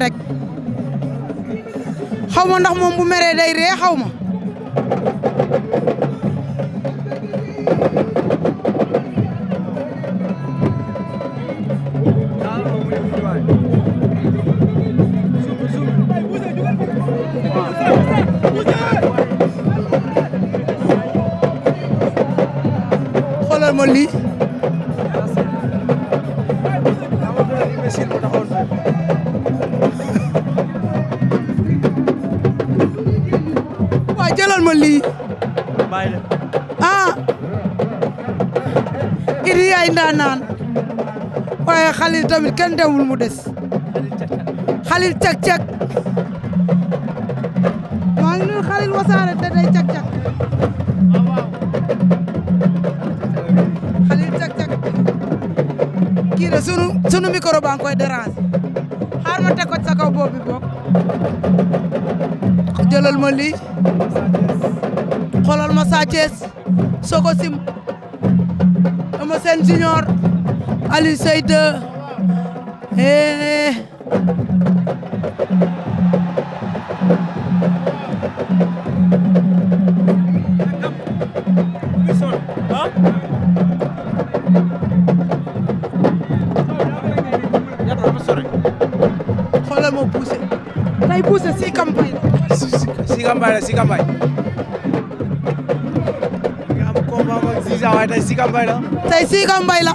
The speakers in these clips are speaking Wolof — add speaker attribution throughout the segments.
Speaker 1: rek ma ndax moom bu meree day ree xaw ma xalil tamit kenn demul mu des xalil cak-cak maa ngi nuyu xalil wasaare te day cak-cak sunu sunu micro baa ngi koy ma teg ko sa kaw boobu bokk jëlal ma lii xoolal ma Sa Thiès soo Aliou Seye eh, 2 eh xoolal ma poussé day poussé si campagne si campagne si campagne nga am combat ak Ziza waaye tey si la tey si la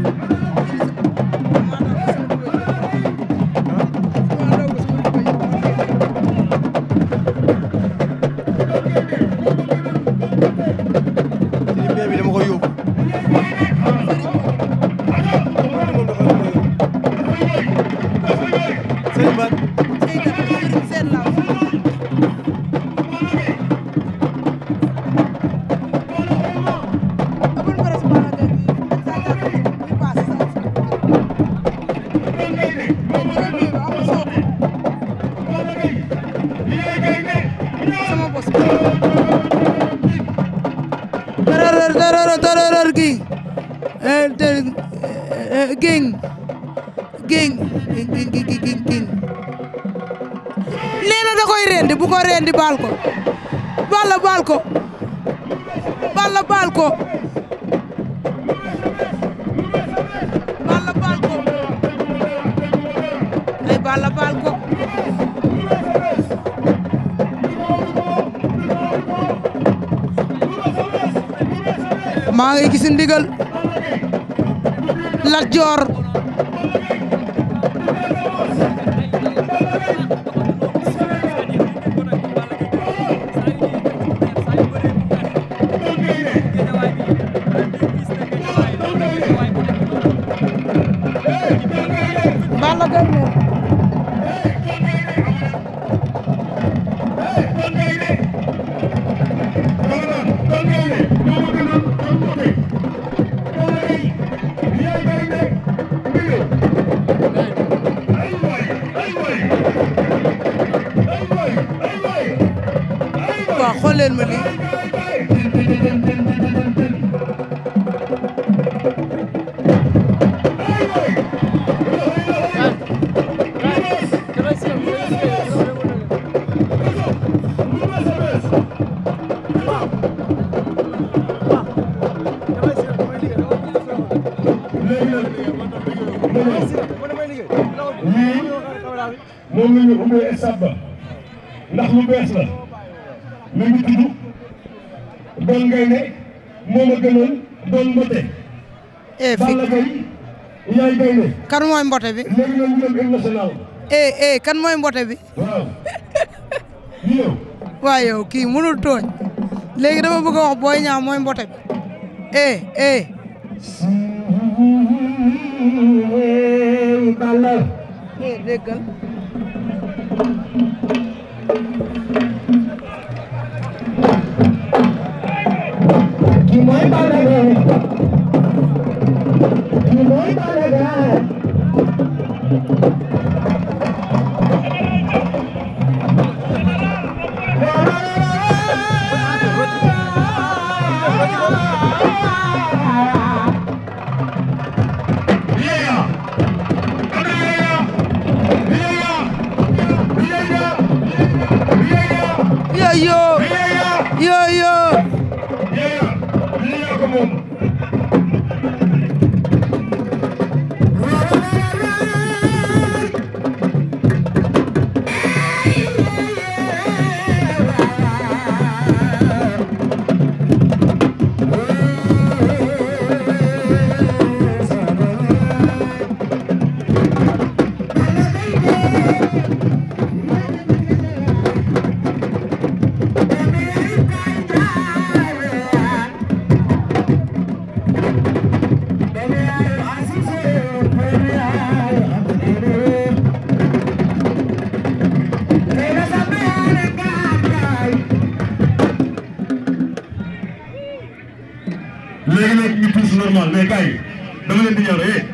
Speaker 1: géng géng géng géng da koy rendi bu ko rendi baal ko Balla baal ko Balla baal ko maa ngi gis ndigal Lat mboote bi. léegi nag eh, eh, kan mooy mboote bi. waaw. yow. waaw yow kii mënul tooñ. léegi dama bëgg a wax Boy mooy mboote bi. eh eh. eh déggal. kii mooy moom léegi nag ñu tuus normal mais gars yi dama leen di ñaan eh.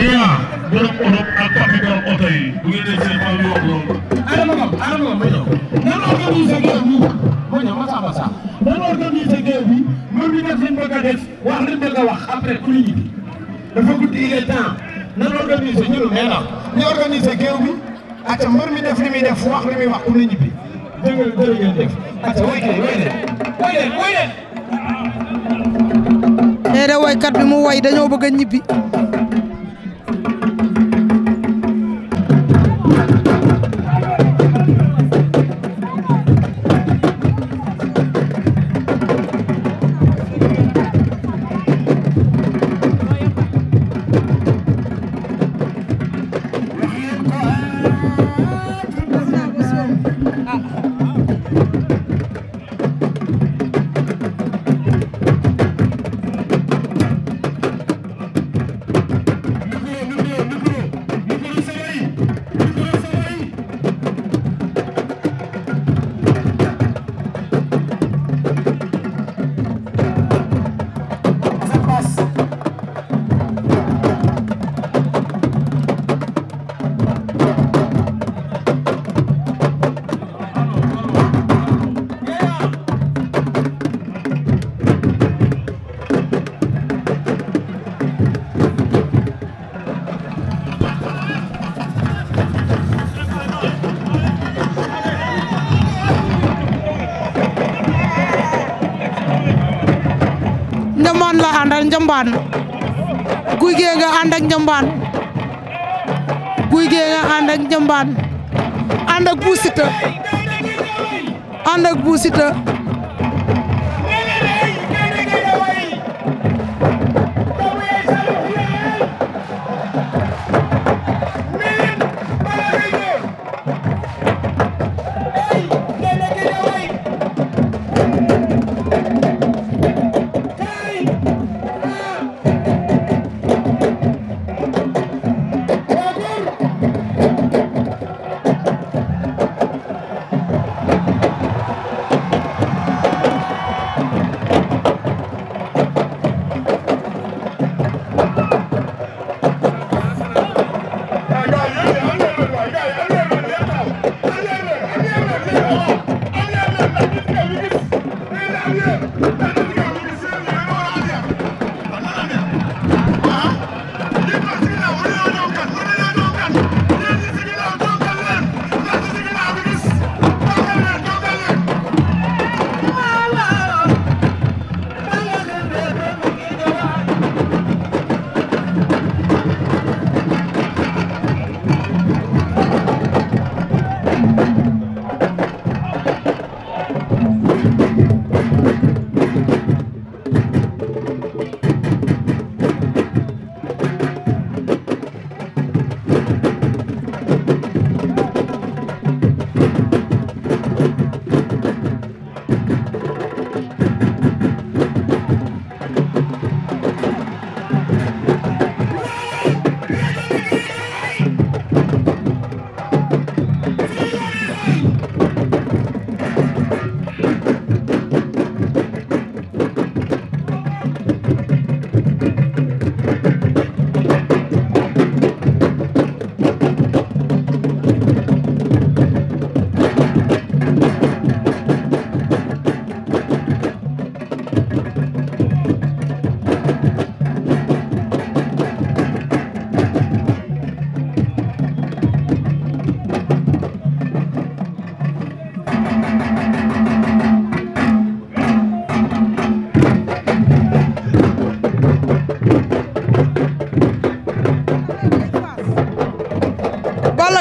Speaker 1: yaa borom oto ak papi borom oto yi bu ngeen dee seen xol ñu wax loolu. Adama Ngom Adama Ngom ma ñëw. nan organiser géew bi ma ñëw ma saa ma saa. nan organiser géew bi mën ñu def li ñu bëgg a def wax li ñu bëgg a wax après ku ñu ñibbi. dafa guddi il est temps. nan organiser ñun nee na ñu organiser géew bi acca mbër mi def li muy def wax li muy wax ku ne ñibbi dégg nga dégg ngeen def acca way leen way leen way eh, mu way dañoo bëgg a ñibbi. àndal njambaan guy gee nga ànd ak guy gee nga ànd ak njambaan ànd ak Bou Siteu ànd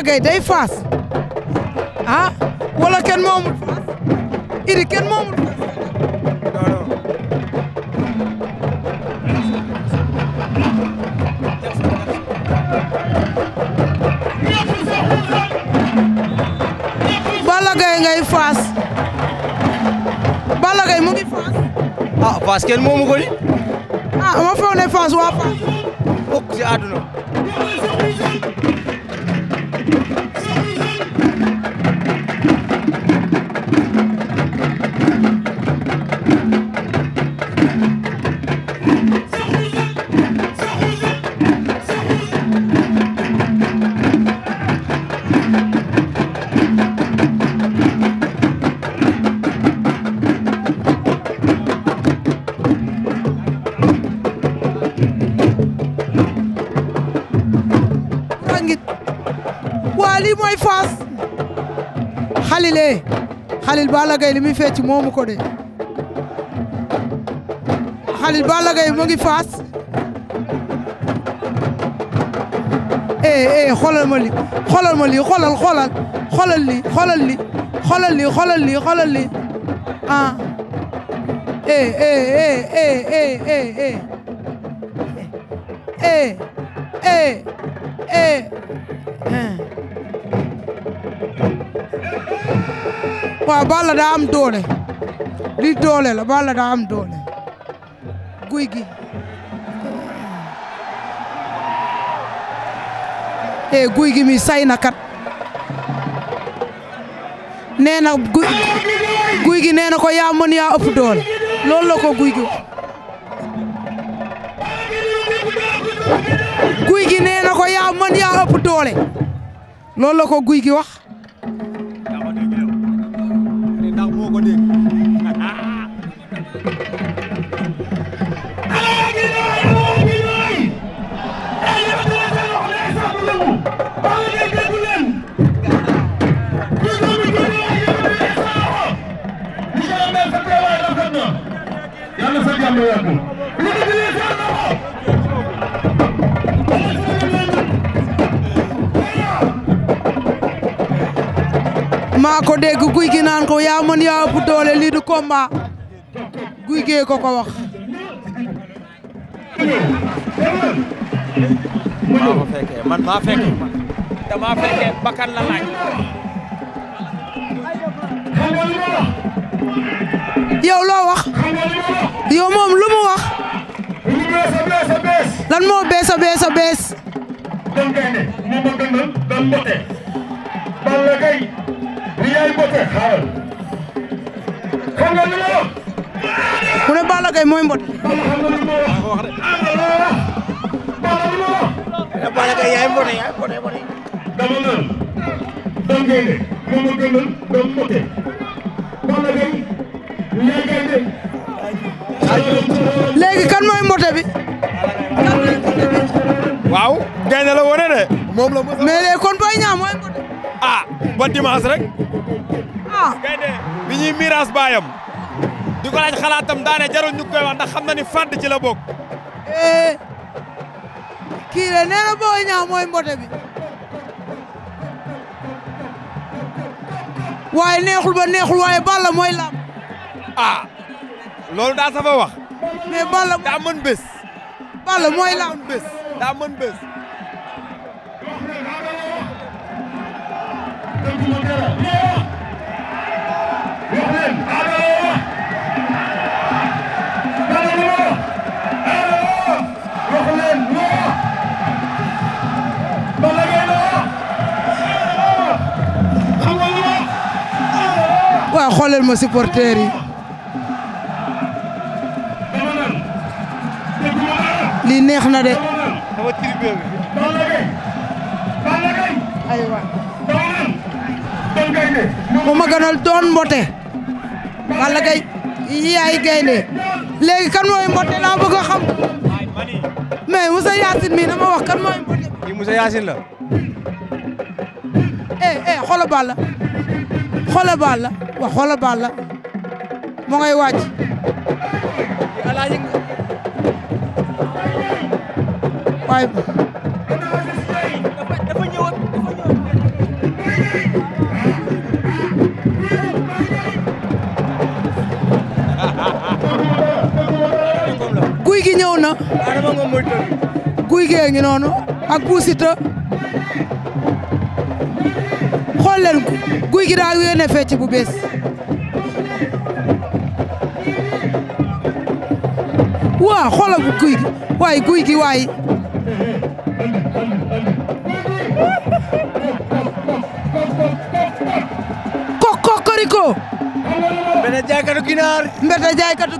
Speaker 1: Gueye day faas ah wala kenn moomul faas kenn mu ngi faas ah, ah ma foog ne faas waa faas bokk ci àdduna Balla Gaye li muy fecc moomu ko de Khalil Balla Gaye mu ngi faas eh eh xoolal ma li xoolal ma li xoolal xoolal xoolal li xoolal li xoolal li xoolal li xoolal li ah eh eh eh eh eh eh eh eh eh eh, eh. waaw Balla daa am doole li doole la Balla daa am doole guy gi e guy gi mi say na kat nee na guy guy gi nee na ko yaa mën yaa ëpp doole loolu la ko guy gi guy gi nee ko yaa mën yaa ëpp doole loolu la ko guy gi wax mu ko di maa ko dégg guy gi naan ko yaa mën yaa ëpp doole lii du combat guy gee ko ko wax maa ko fekkee man maa fekkee dama fekkee bakkan la laaj yow loo wax yow moom lu mu wax. lu bees a bees a bees. lan moo bees a bees a bees. doon gaynde moo ma gënal doon mbote. Balla Gaye li yaay mbote xaaral. xam nga lu mooy mbote. Balla xam ma wax. Balla lu ma wax. Balla Gaye yaay mbote ma gënal doon mbote. Balla Gaye léegi kan mooy mbote bi. waaw la wane de. moom la mais léegi kon Boy Niang mooy mbote. ah ba dimanche rek. ah gaynde miiras baayam di xalaatam daane jarul ñu xam na ni fàdd ci la bokk. Eh, kii la nee na Boy mooy mbote waaye neexul ba neexul waaye Balla mooy lam loolu daa safa wax. mais Balla daa mën bés. Balla mooy la mën bés daa mën bés. waaw xoolal ma supporter yi. lii neex na de. aywa. mu ma gënal doon mbote. Balla Gaye yaay gaynde léegi kan mooy mbote laa bëgg a xam. mais Moussa Yacine mii dama wax kan mooy mbote. kii Moussa Yacine la. eh eh xoolal Balla xoolal Balla wax xoolal Balla moo ngay wàcc. waay guy gi ñëw na guy gee ngi noonu ak Bou Siteu xool leen guy gi daa wéene fecc bu bees waa xoolal guy gi waay guy gi waay mbete jaaykatu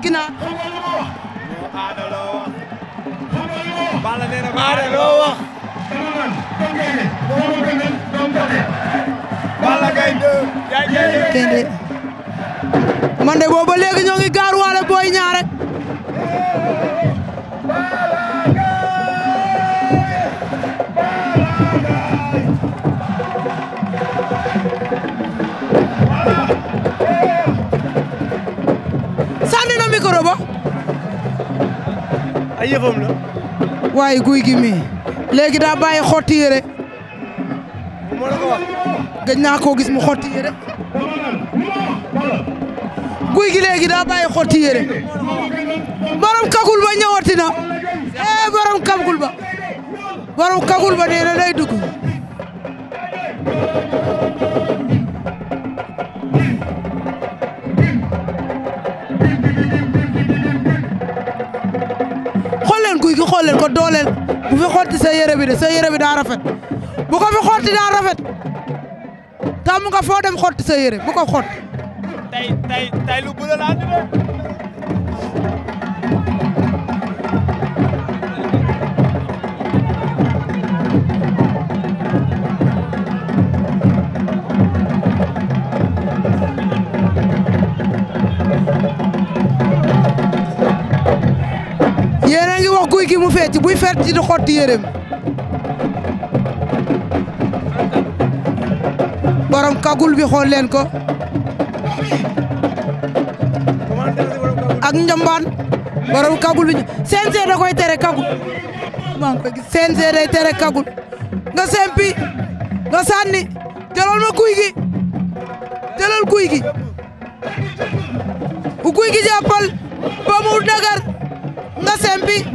Speaker 1: de boobu ba ñoo ngi gaar waale booy ñaar waaye guy gi mii léegi daa bàyyi xotti yére. moo la naa koo gis mu xotti yére. guy gi léegi daa bàyyi xotti yére. borom kagul ba ñëwati na. eh borom kagul ba. borom nee na day dugg. ko doole bu fi xotti sa yére bi de sa yére bi daa rafet bu ko fi xotti daa rafet tàmm nga foo dem xotti sa yére bu ko xotti. tey tey tey lu bëri laa fecc gi mu fecc buy fecc di xotti yéreem borom kagul bi xool leen ko ak njambaan borom kagul bi CNG da koy tere kagul maa ngi koy tere kagul nga sempi nga sànni jëlal ma kuy gi jëlal kuy gi bu kuy gi jàppal ba mu dagar nga sempi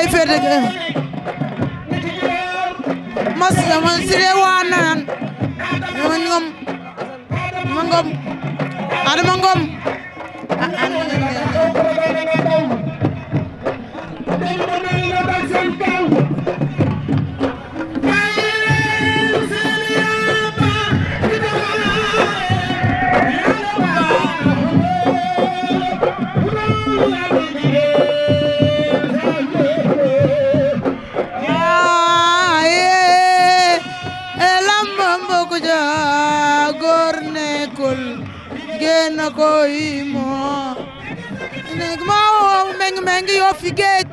Speaker 1: ngay féete mas man sire waa naan ma ngom ma ngom adama ngom yoo fi géej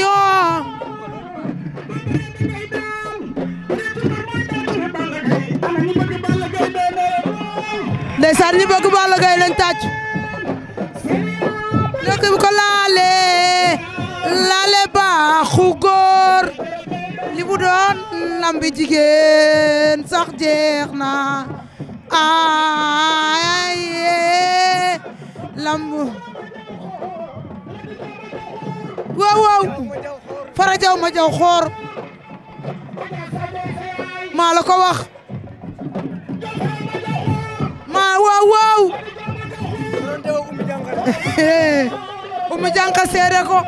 Speaker 1: yoo ndeysaan ñi bëgg Balla Gaye lañ tàcc lekk bi ko laale laale baaxu góor li bu doon lambi jigéen sax jeex na ah lamb waaw fara jaw ma jaw xoor maa la ko wax maa waaw waaw umu jànka seere ko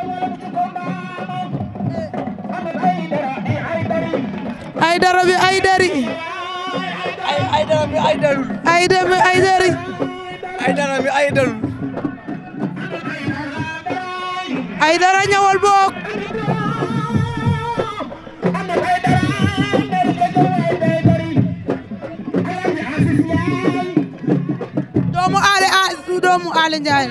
Speaker 2: ay dara bi ay dari
Speaker 1: ay dara bi ay dari ay dara ñëwal boog a doomu ale njaay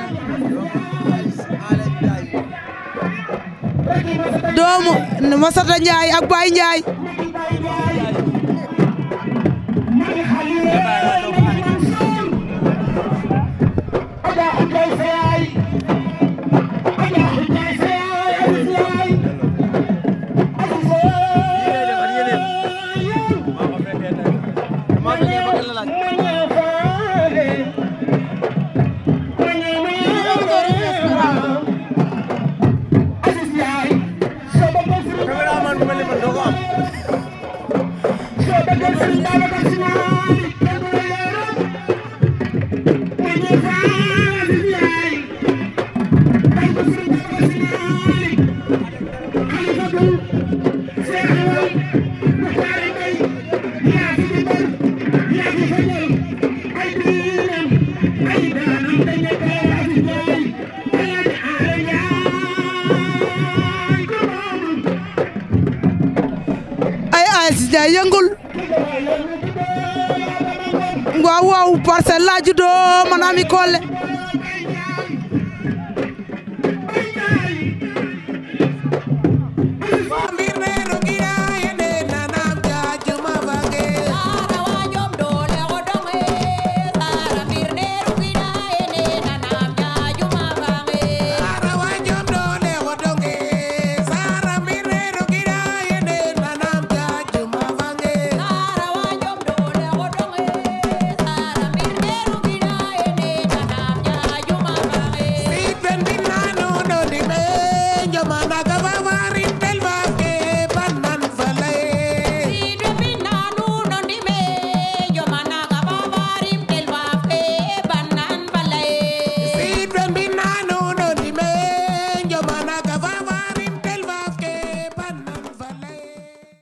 Speaker 1: Serigne Babacar El Hadj Do man